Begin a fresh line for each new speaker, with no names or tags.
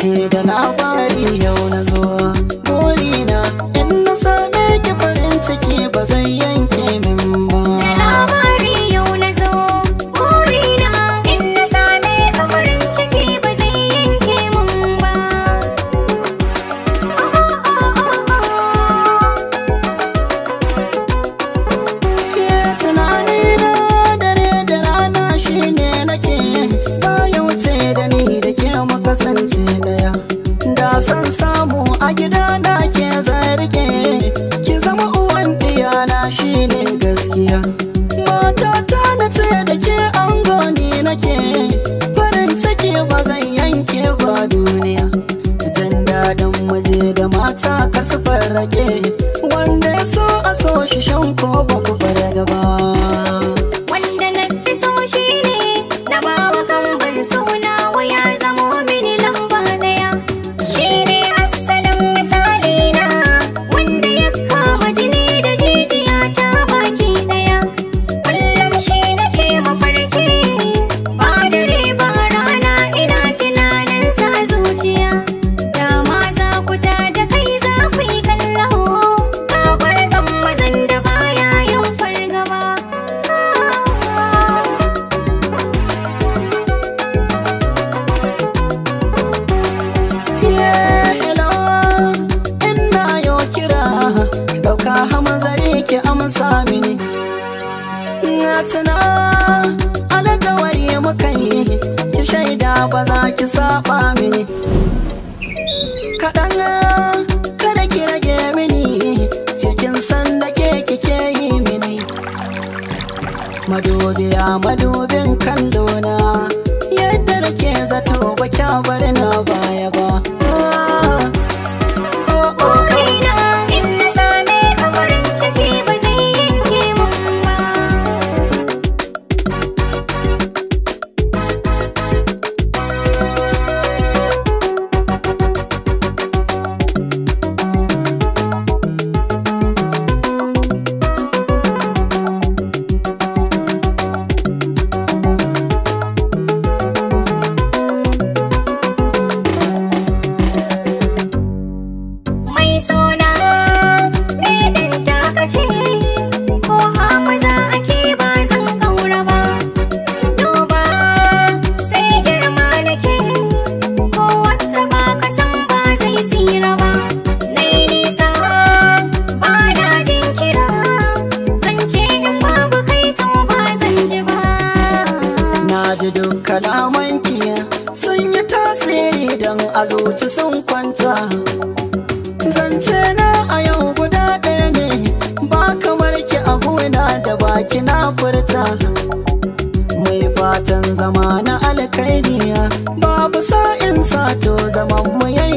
ke da labari yau na zo morina, in na same ki farin ciki
ba zai yanke min ba labari yau na zo
morina,
in na same ka farin ciki ba zai yanke min ba
ke tunani na dare da rana shine nake ba yau ce da ni da ke mu kasance mata kar su farrake wanda ya so a
so shi shan ko ba ku fara gaba
yake amsa mini na tuna alkawari muka yi ki shaida ba za ki safa mini kaɗan kada ki rage mini cikin sanda ke kike yi mini madubiya madubin kallona yadda ke zato ba kya bari na tasiri don a zuci sun kwanta zance na a yau guda ɗaya ne ba kamar ki a gona da baki na furta mai fatan zama na alkairiya babu sa'in sato zaman mu yayi